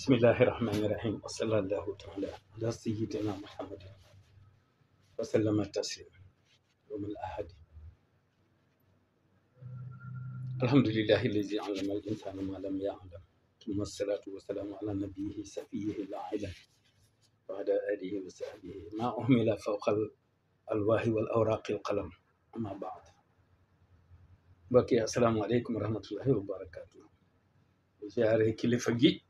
بسم الله الرحمن الرحيم وصلى الله تعالى على سيدنا محمد وسلم التسليم يوم الأحد الحمد لله الذي علم الإنسان ما لم يعلم ثم الصلاة والسلام على نبيه سفيه العالم وعلى آله وصحبه ما أهمل فوق الألواه والأوراق القلم أما بعد بقي السلام عليكم ورحمة الله وبركاته زياره كلفه gi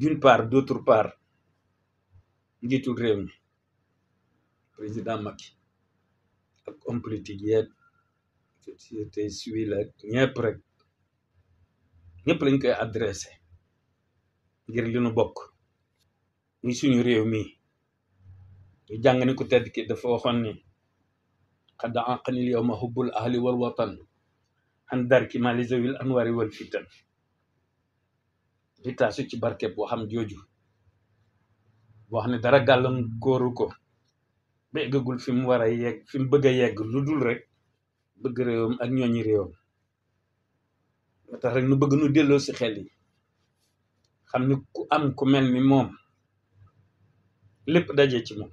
d'une part d'autre part njiitul réew mi président Macky ak homme politique yeeg société civile ak ñëpp rek ñëpp lañ koy adressé ngir li nu bokk muy suñu réew mi ñu jàng ni ku tedd ki dafa waxoon ni xadda anqanil yow ma ahli wal watan an darki ma li anwari wal fitan di taasu ci barket bu xam jooju boo xam ne dara gàllankooru ko ba eggagul fi mu war a yegg fi mu bëgg a yegg lu dul rek bëgg réewam ak ñooñi réewam moo tax rek nu bëgg nu delloo si xel yi xam ni ku am ku mel ni moom lépp daje ci moom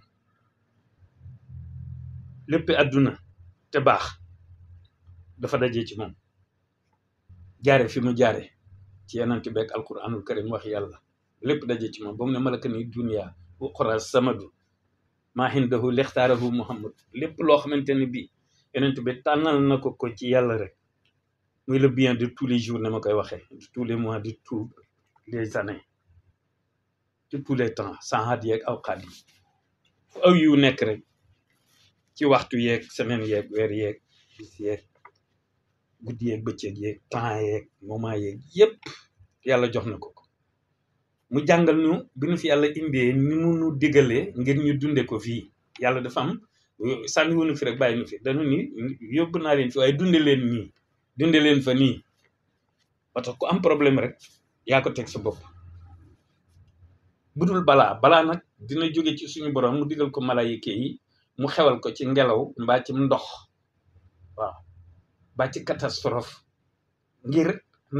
léppi àdduna te baax dafa daje ci moom jaare fi mu jaare ci yenant beeg alquranul karim wax yàlla lépp daje ci moom ba mu ne malaka ni dunia uxra samadu maa hindahu lextaarahu muhammad lépp loo xamante ne bii yenent bi tànnal na ko ko ci yàlla rek muy le bien de tous les jours ne ma koy waxee de tous les mois de tous les années de tous les temps sahaat yeeg awqaat yi fu aw yu nekk rek ci waxtu yeeg semaine yeeg weer yeeg bis yeeg guddi yeeg bëccëg yeeg temps yeeg moment yeeg yépp yàlla jox na ko ko mu jàngal ñu bi ñu fi yàlla indee ni mu nu diggalee ngir ñu dunde ko fii yàlla dafa am sànni wuñu fi rek bàyyi nu fi dañu ni yóbbu naa leen fi waaye dunde leen nii dunde leen fa nii ba ku am problème rek yaa ko teg sa bopp budul balaa balaa nag dina jóge ci suñu borom mu digal ko malayika yi mu xewal ko ci ngelaw mbaa ci ndox waaw ba ci catastrophe ngir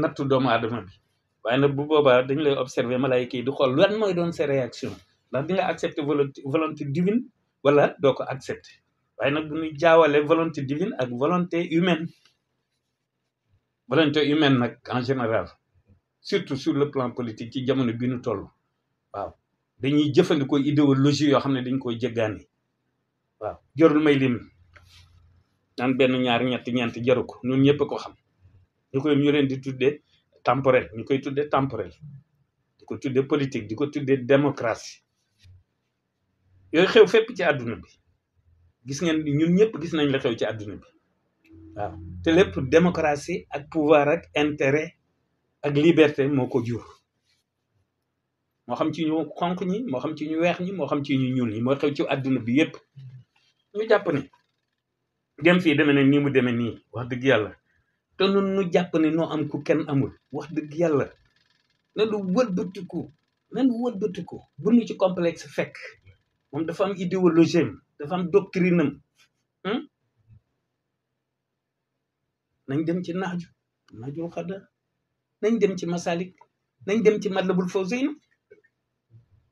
nattu doomu aadama bi waaye nag bu boobaa dañu lay observer malayka yi du xool lan mooy doon sa réaction ndax di nga accepter volonté volonté divine wala doo ko accepter waaye nag bu ñuy jaawale volonté divine ak volonté humaine volonté humaine nag en général surtout sur le plan politique ci jamono bi nu toll waaw dañuy jëfandikoo idéologie yoo xam ne dañ koy jéggaani waaw jorul may lim naan benn ñaar ñetti ñeenti jaru ko ñun ñëpp ko xam ñu koy ñu leen di tuddee temporel ñu koy tuddee temporel di ko tuddee politique di ko tuddee démocratie yooyu xew fépp ci àdduna bi gis ngeen ñun ñëpp gis nañ la xew ci àdduna bi waaw te lépp démocratie ak pouvoir ak intérêt ak liberté moo ko jur moo xam ci ñu xonq ñi moo xam ci ñu weex ñi moo xam ci ñu ñuul ñi moo xew ci àdduna bi yëpp ñu jàpp ne dem fii deme ne nii mu deme nii wax dëgg yàlla te nun nu jàpp ne noo am ku kenn amul wax dëgg yàlla nanu wëlbatiku nanu wëlbatiku bu nu ci complexe fekk moom dafa am idéologie am dafa am doctrine am hmm? nañ dem ci naaju naajul xadda nañ dem ci masalik nañ dem ci matlabul fawzayni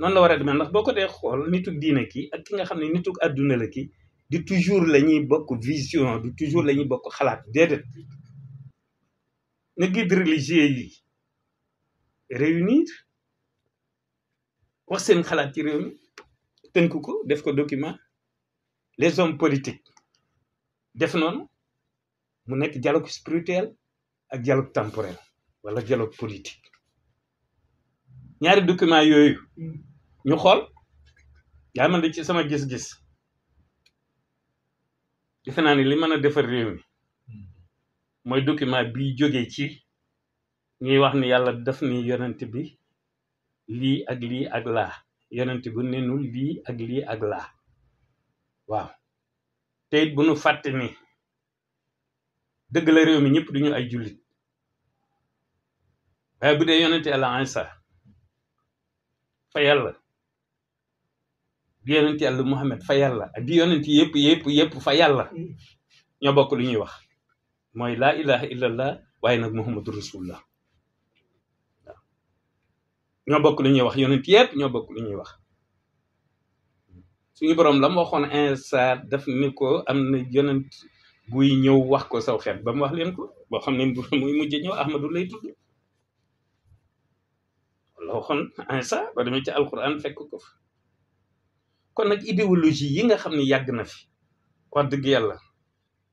Non la waré demel nituk ki ak ki nga nituk la toujours lañuy vision du toujours lañuy bokk religieux réunir wax ci réew mi les hommes politiques def noonu mu dialogue spirituel ak dialogue temporel wala dialogue politique ñaari document ñu xol yaa man di ci sama gis-gis defe naa ni li mën a defar réew mi mooy document bi jógee ci ñuy wax ni yàlla def ni yonent bi lii ak lii ak laa yonent bu nenul lii ak lii ak laa waaw te it bu nu fàtte ni dëgg la réew mi ñëpp duñu ay jullit waaye bu dee yonent yàlla Iisaa fa yàlla di yonent yàlla Muhammad fa yàlla ak di yonent yëpp yëpp yëpp fa yàlla ñoo bokk lu ñuy wax mooy laa ilaha illallah waaye nag muhammadu rasulullah la ñoo bokk lu ñuy wax yonent yëpp ñoo bokk lu ñuy wax suñu boroom la mu waxoon insa daf ni ko am na yonent buy ñëw wax ko saw xeet ba mu wax leen ko boo xam ne muy mujj ñëw ahmadu lay tudd la waxoon insa ba demee ci alquran fekk ko kon nak idéologie yi nga xamni yag na fi wax deug yalla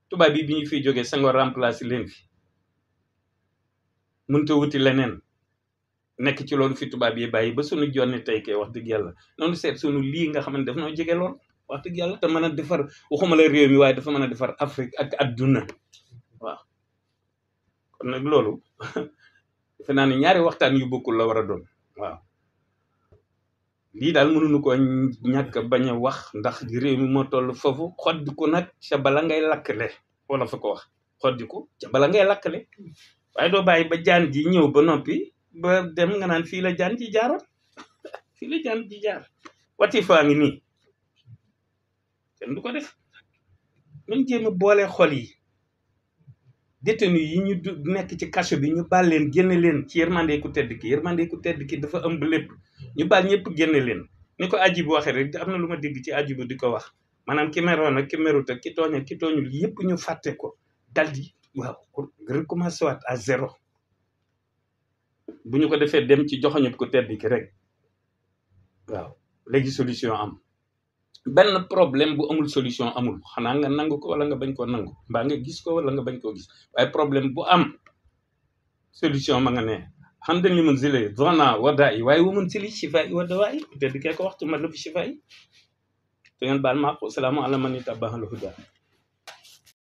tuba bi biñu fi joggé sango remplacer len fi mën ta wuti lenen nek ci lolu fi tuba bi bayyi ba sunu jonne tay kay wax deug yalla nonu set sunu li nga xamni daf no jégué lool wax deug yalla ta mëna defar waxuma la réew mi way dafa mëna defar afrique ak aduna wa kon nak lolu dafa nani ñaari waxtaan yu bokkul la wara doon waaw lii dal mënuñu ko ñak baña wax ndax réew mi mo tollu fofu xoddiku nak ca bala ngay lakkle wala fa ko wax xoddiku ca bala ngay lakkle way do baye ba jaan ji ñew ba nopi ba dem nga naan fi la jaan ji jaar fi la jaan ji jaar wati fa ngi ni kenn du ko def nañ jéem boole xol yi détenu yi ñu nekk ci cache bi ñu bàl leen leen ci yermandé ku tedd ki yermandé ku tedd ki dafa ëmb lépp ñu baal ñepp génne leen ni ko aji bu waxee rek amna luma ci aji bu di wax manam ki meroon ak ki merut ak ki tooñ ki toñu yépp ñu faté ko daldi di waaw recommencé waat à zéro bu ko défé dem ci joxoñu ko ki rek waaw légui solution am ben problème bu amul solution amul xana nga nang ko wala nga bañ ko nang ba nga gis ko wala nga bañ ko gis waaye problème bu am solution ma nga né hamdan li mun zile dona warda yi waaye wamun sili shifa yi warda waayi te di kee ko waxtu matlabu shifa yi te ngeen baal ma salaamu ala man itabaaxal huda